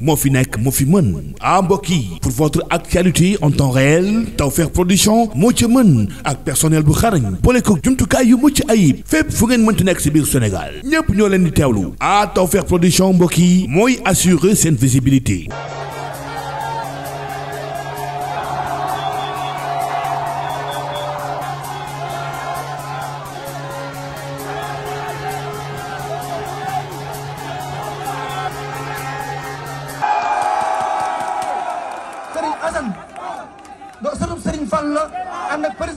moo fi nekk moo fi mën ah mbokk yi pour votre actualité en temps réel Tawfekh production moo ci mën ak personnel bu xarañ boole ko jumtukaay yu mucc ayib fépp fu ngeen mënti nekk si biir Sénégal ñépp ñoo leen di teewlu ah Tawfekh production mbokk yi mooy assurer seen visibilité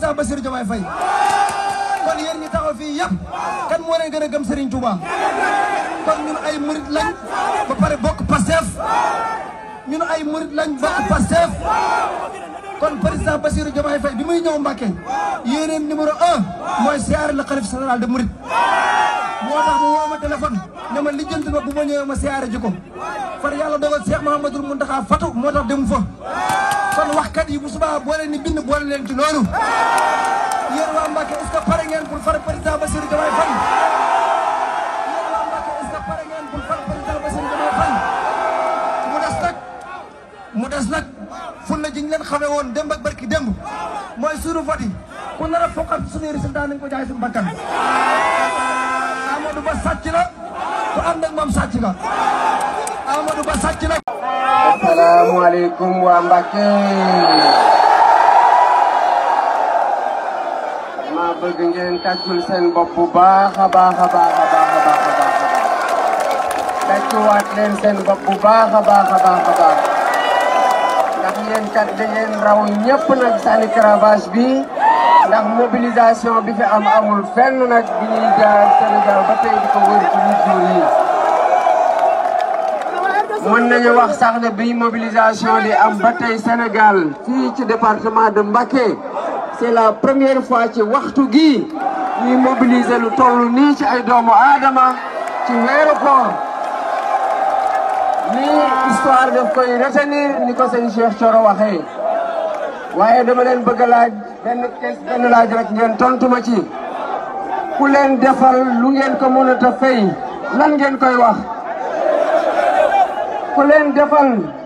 président Bassirou Diomaye Faye kon yéen ñi taxaw fii yëpp kan moo leen gën a gëm Serigne Touba kon ñun ay murit lañ ba pare bokk Pastef ñun ay murit lañ bokk Pastef kon président Bassirou Diomaye Faye bi muy ñëw Mbacke yéeneen numéro un mooy siyaare la xalif général de moo tax mu woo ma ma lijjanti ma bu ma ñëwee far yàlla dogal Cheikh Mouhamadou Mountakha fatu moo tax fa. kon waxkat yi bu subaa boole ni bind boole leen ci loolu yéen waa Mbacke est-ce que ngeen pour far président Bassirou Diomaye Faye. leen xamee woon démb ak barki démb mooy suñu vote yi ku nar a foqat suñuy résultat nañ ko jaay suñu bakkan Amadou Ba sàcc na ku ànd ak moom sàcc nga Amadou Ba sàcc na asalaamualeykum waa Mbacke ma bëgg ngeen tàccul seen bopp bu baax a baax a baax a baax a baax a baax tàccuwaat leen seen bopp bu baax a baax a baax a baax ngeen kat da ngeen mobilisation bi fi am mën nañu wax sax bi mobilisation di am ba tey Sénégal fii ci département de Mbacké c'est la première fois ci waxtu gi ñuy mobilise lu toll nii ci ay doomu aadama ci weeru koor. lii histoire daf koy retenir ni ko sëñ Cheikh Thioro waxee waaye dama leen bëgg a laaj benn benn laaj rek ngeen tontu ma ci ku leen defal lu ngeen ko mënut a fay lan ngeen koy wax ku leen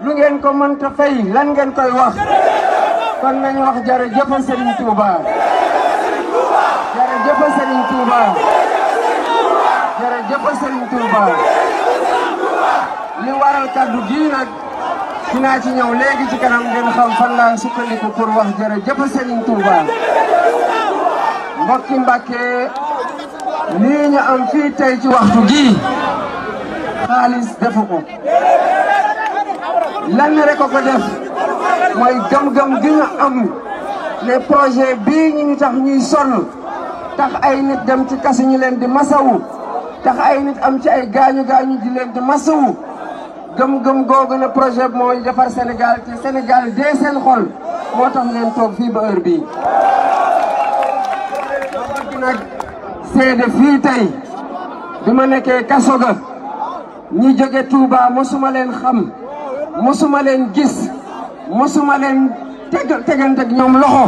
lu ngeen ko mënut a lan ngeen koy wax kon nañu wax jërëjëf Serigne Touba jërëjëf Serigne Touba jërëjëf Serigne Touba li waral kaddu gii nag dinaa ci ñëw léegi ci kanam ngeen xam fan laa sukkandiku pour wax jërëjëf Serigne Touba mbokki Mbàkke lii ñu am fii tey ci waxtu gii xaalis defu ko lan rek ko def mooy gëm-gëm gi ñu am ne projet bii ñu tax ñuy sonn tax ay nit dem ci kasu ñu leen di masawu tax ay nit am ci ay gaañu gaañu di leen di masawu gëm-gëm googu ne projet mooy defar Sénégal te Sénégal dee seen xol moo tax ngeen toog fii ba heure bii. nag seede fii tey bi ma nekkee kaso ga ñi jóge Touba mosuma leen xam mosuma leen gis mosuma leen teg tegante ak ñoom loxo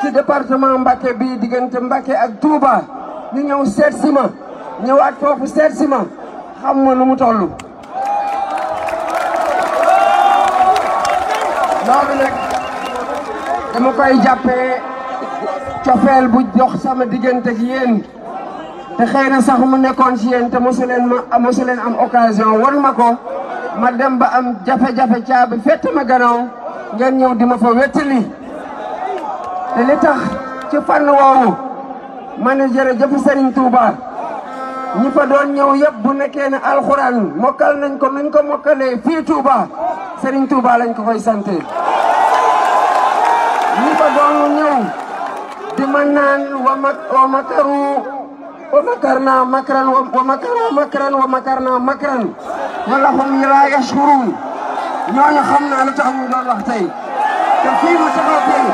ci département Mbacké bii diggante Mbacké ak Touba ñu ñëw seet si ma ñëwaat foofu seet si ma xam ma nu mu toll loolu nag dama koy jàppee cofeel bu jox sama diggante ak yéen te xëy na mu nekkoon ci yéen te mosu am occasion wan ma ko ma dem ba am jafe-jafe caabi fete ma gannaaw ngeen ñëw di ma fa wettali te li tax ci fànn woowu ma ne jërëjëf Serigne Touba. ñi fa doon ñëw yëpp bu nekkee ne alxuraan mokkal nañ ko nañ ko mokkalee fii Touba Serigne Touba lañ ko koy sante ñi fa doon ñëw di ma naan wa makaru wa makarna makran wa makara makran wa hum la yashkurun ñooñu xam naa lu tax ñu doon wax tey te fii ma taxaw tey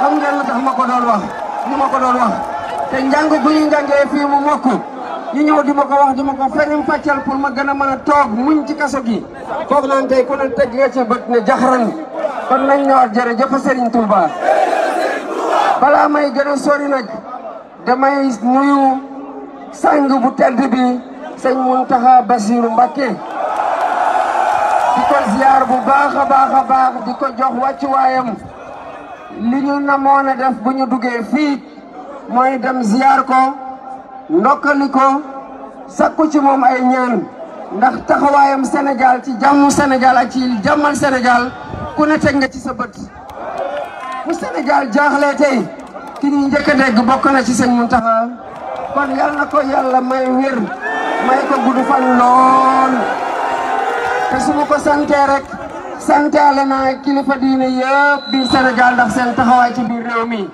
xam ngeen lu tax ma doon wax ñu njàng bu ñu njàngee fii mu mokk ñu ñëw di ma ko wax di ma ko ferim fàccal pour ma gën a mën a toog muñ ci kaso gi foog naan tey ku ne teg nga ca bët ne jaxaran kon nañ ñëwaat jërëjëf Serigne Touba balaa may gën a sori nag damay nuyu sang bu tedd bi sëñ Mountakha Bassirou Mbacké di ko ziar bu baax a baax di ko jox wàccuwaayam li ñu namoon a def bu ñu duggee fii mooy dem ziar ko ndokkali ko sakku ci moom ay ñaan ndax taxawaayam Sénégal ci jàmmu Sénégal ak ci jàmmal Sénégal ku ne teg nga ci sa bët bu Sénégal tey ki njëkk a bokk na ci sëñ Mountakha kon yal ko yàlla may wér may ko gudd fan lool te ko santee rek santaale naa kilifa diine yëpp biir Sénégal ndax seen taxawaay ci biir réew mi.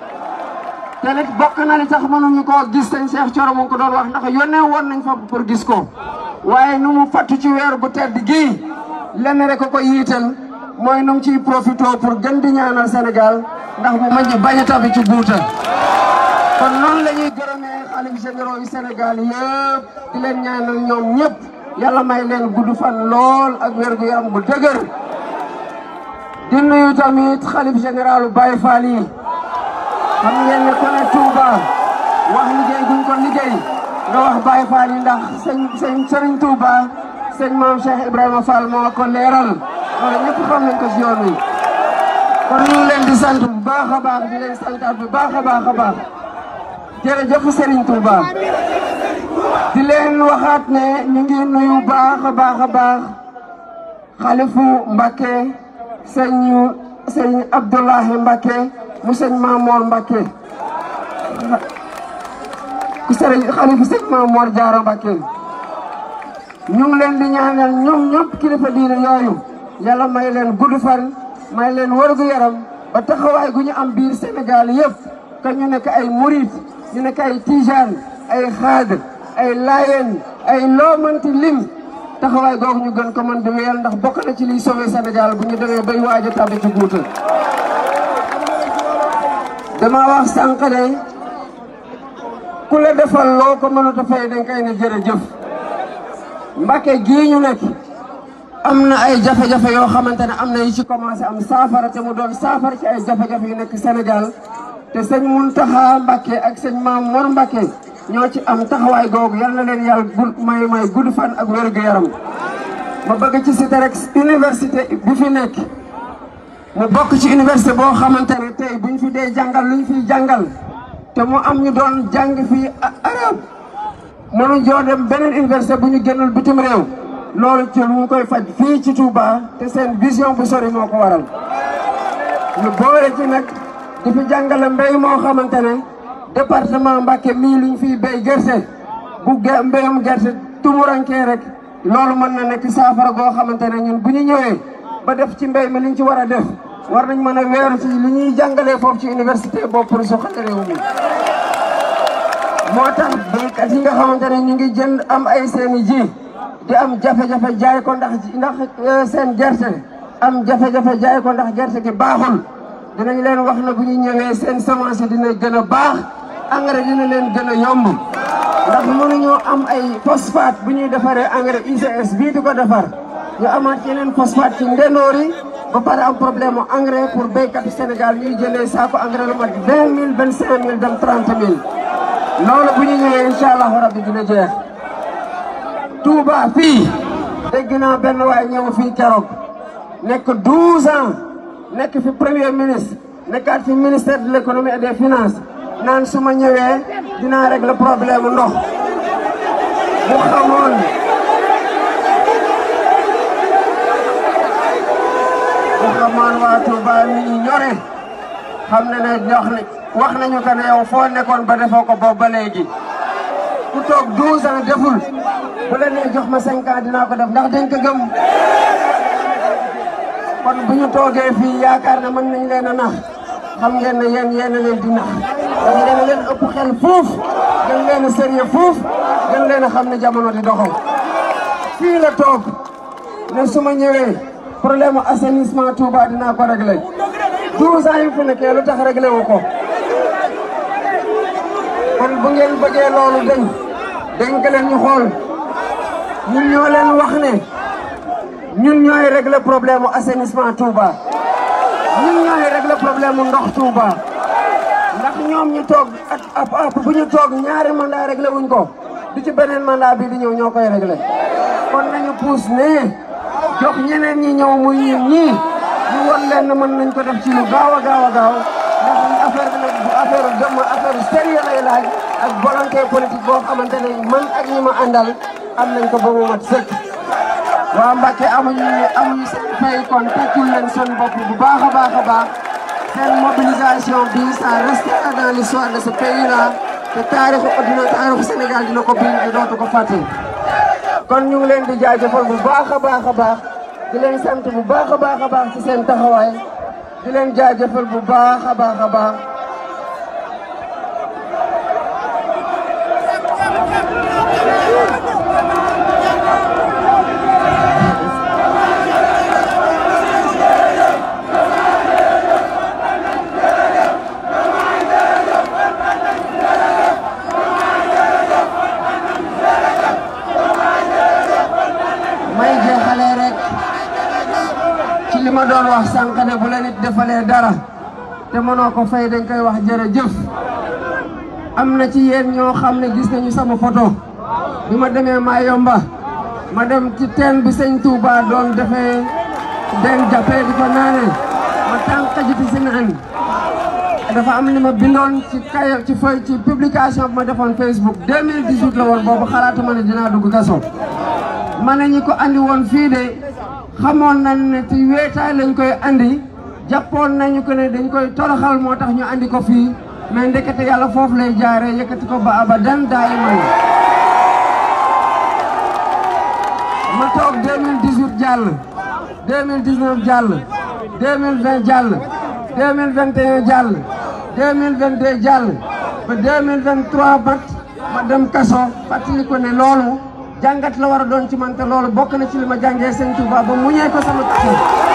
te nag bokk na li tax mënuñu koo gis sëñ Cheikh Thioro mu ngi ko doon wax ndax yónnee woon nañ bu pour gis ko waaye nu mu fattu ci weer bu tedd gii lenn rek ko ko yiital mooy nu mu ciy profité pour gën di ñaanal Sénégal ndax mu mën bañ a tabi ci guuta kon noonu la ñuy gërëmee xalif généraux yu Sénégal yëpp di leen ñaanal ñoom ñëpp yàlla may leen gudd fan lool ak wér gu yaram bu dëgër di nuyu tamit xalif généralu Baye Fall yi xam ngeen ne ku ne wax liggéey duñ ko liggéey nga wax Baye Fall yi ndax sëñ sëñ Serigne Touba sëñ moom Cheikh Ibrahima Fall moo ko leeral loolu ñëpp xam nañ ko si yoon wi leen di sant bu baax a baax di leen santaat bu baax a baax a baax jërëjëf Serigne Touba di leen waxaat ne ñu ngi nuyu baax a baax a baax xalifu Mbacké sëñ sëñ Abdoulahi mu sëñ Maamoor Mbakke sëriñ xalifa sëñ Maamoor Jaara Mbakke ñu ngi leen di ñaanal ñoom ñëpp kilifa diine yooyu yàlla may leen gudd fan may leen wërgu yaram ba taxawaay gu ñu am biir Sénégal yëpp que ñu nekk ay murit ñu nekk ay tijaan ay xaadr ay laayeen ay loomanti lim taxawaay googu ñu gën ko mën di wéyal ndax bokk na ci liy sauver Sénégal bu ñu demee bay waaj a ci guutal dama wax sànq ne ku la defal loo ko mënut a fay dañ koy ne jërëjëf Mbàkke gii ñu nekk am na ay jafe-jafe yoo xamante ne am na yu ci commencé am saafara te mu doon saafara ci ay jafe-jafe yu nekk Sénégal te sëñ Muntaxa Mbàkke ak sëñ Maam Mor Mbàkke ñoo ci am taxawaay googu yal na leen yàlla gudd may may gudd fan ak wér-gu-yaram ma bëgg ci cité rek université bi nekk mu bokk ci université boo xamante ne tey buñ fi dee jàngal luñ fiy jàngal te mu am ñu doon jàng fii arab mënu joo dem beneen université bu ñu génnul bitim réew loolu ci mu ngi koy faj fii ci tuubaa te seen vision bu sori moo ko waral lu boole ci nag di fi jàngale mbéy moo xamante ne département Mbacké mii luñ fiy béy gerte bu mbéyum gerte tumurankee rek loolu mën na nekk saafara goo xamante ne ñun bu ñu ñëwee ba def ci mbéy mi liñ ci war a def war nañu mën a weeru ci li ñuy jàngalee foofu ci université boobu pour suqali réew mi moo tax béykat yi nga xamante ne ñu ngi jënd am ay seen ji di am jafe-jafe jaay ko ndax ndax euh, seen gerte am jafe-jafe jaay ko ndax gerte gi baaxul dinañ leen wax na bu ñu ñëwee seen semence dina gën a baax engrais na leen gën a yomb ndax mënuñoo am ay phosphate bu ñuy defaree engrais UCS bii di ko defar ñu amaat yeneen phosphate ci ndendoor yi ba pare am problème mu engrais pour béykat yi Sénégal ñuy jëlee saako engrais lu mat vingt mille vingt cinq mille dem trente mille. loolu bu ñu ñëwee incha allahu rabi dina jeex. Touba fii. dégg naa benn waay ñëw fii keroog. nekk douze ans nekk fi premier ministre nekkaat fi ministère de l' et des finances naan su ma ñëwee dinaa régler problème ndox bu xamoon. Touba mi ñore xam na ne jox na wax nañu que ne foo nekkoon ba defoo ko boobu ba léegi. ku toog 12 ans deful bu la jox ma 5 ans dinaa ko def ndax dañ ko kon bu ñu toogee fii yaakaar na mën nañu leen a nax xam ngeen ne yéen yéen a leen di nax dañu leen a leen ëpp xel fuuf gën leen a sérieux fuuf gën leen a xam ne jamono di doxal fii la toog ne su ma ñëwee. problème assainissement Touba dinaa ko réglé 12 ans yi fi nekkee lu tax réglé wu ko kon bu ngeen bëggee loolu dañ dénk leen ñu xool ñun ñoo leen wax ne ñun ñooy réglé problème assainissement Touba ñun ñooy réglé problème ndox Touba ndax ñoom ñu toog ak ab ab bu ñu toog ñaari mandat réglé wuñ ko du ci beneen mandat bi di ñëw ñoo koy réglé kon nañu puus ne jox ñeneen ñi ñëw muy ñun ñii ñu won leen ne mën nañ ko def ci lu gaaw a gaaw a gaaw ndax affaire bi nag affaire gëm affaire sérieux lay laaj ak volonté politique boo xamante ne man ak ñi ma àndal am nañ ko ba mu mat sëkk. waa Mbacke amuñu amuñu seen fay kon tekkul leen seen bopp bu baax a baax a baax seen mobilisation bi ça restera dans l'histoire de ce pays là te taarixu adduna taarixu Sénégal dina ko bind dootu ko fàtte. kon ñu ngi leen di jaajëfal bu baax a baax a baax di leen sant bu baax a baax a baax ci seen taxawaay di leen jaajëfal bu baax a baax a baax. dara te mënoo ko fay dañ koy wax jërëjëf am na ci yéen ñoo xam ne gis nañu sama photo bi ma demee maa yomba ma dem ci teen bi sëñ Touba doon defee den jàppee di ko naane ma tànk jiti si naan dafa am li ma bindoon ci kay ci fay ci publication bi ma defoon Facebook 2018 la woon boobu xalaatuma ne dinaa dugg kaso ma ne ñi ko andi woon fii de xamoon nañ ne ci weetaay lañ koy andi jàppoon nañu ko ne dañu koy toroxal moo tax ñu andi ko fii mais ndekete yàlla foofu lay jaare yëkkati ko ba abadan daayiman ma toog 2018 jàll 2019 jàll 2020 jàll 2021 jàll 2022 jàll ba 2023 bat ma dem kaso fàttali ko ne loolu jàngat la war a doon ci man te loolu bokk na ci li ma jàngee sëñ Touba ba muñee ko sama kaso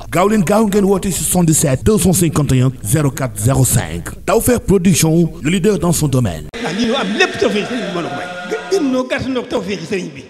la gaaw leen gaaw ngeen woote si 77 251 04 05 Tawfekh Production le leader dans son domaine. Ah, am lépp tawfeex sëriñ bi mën a may. gën noo gàtt noo tawfeex